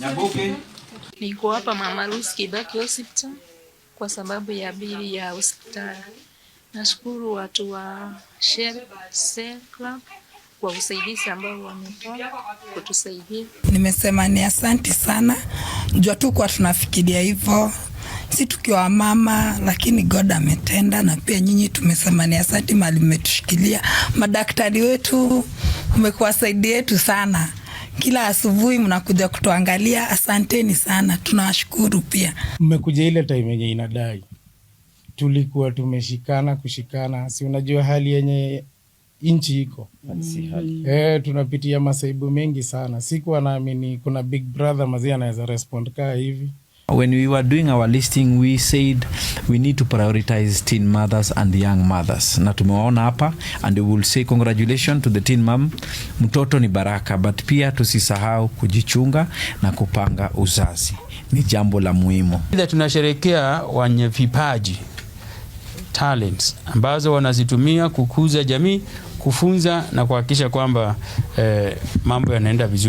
Nyabuke. Niko hapa Mama Ruth Kibaki Hospital kwa sababu ya bili ya hospitali. Nashukuru watu wa Shell Club kwa usaidizi ambao wametoa kutusaidia. Nimesema ni asanti sana, jua kwa tunafikiria hivyo si tukiwa mama, lakini God ametenda, na pia nyinyi tumesema ni asanti mali mmetushikilia. Madaktari wetu umekuwa saidi yetu sana kila asubuhi mnakuja kutuangalia, asanteni sana, tunawashukuru pia. Mmekuja ile time yenye inadai, tulikuwa tumeshikana kushikana, si unajua hali yenye nchi iko mm. E, tunapitia masaibu mengi sana, sikuwa naamini kuna big brother mazia anaweza respond kaa hivi Uh, when we were doing our listing we said we need to prioritize teen mothers and young mothers, na tumewaona hapa and we will say congratulations to the teen mom. Mtoto ni baraka, but pia tusisahau kujichunga na kupanga uzazi, ni jambo la muhimu. Tunasherekea wenye vipaji talents ambazo wanazitumia kukuza jamii, kufunza na kuhakikisha kwamba eh, mambo yanaenda vizuri.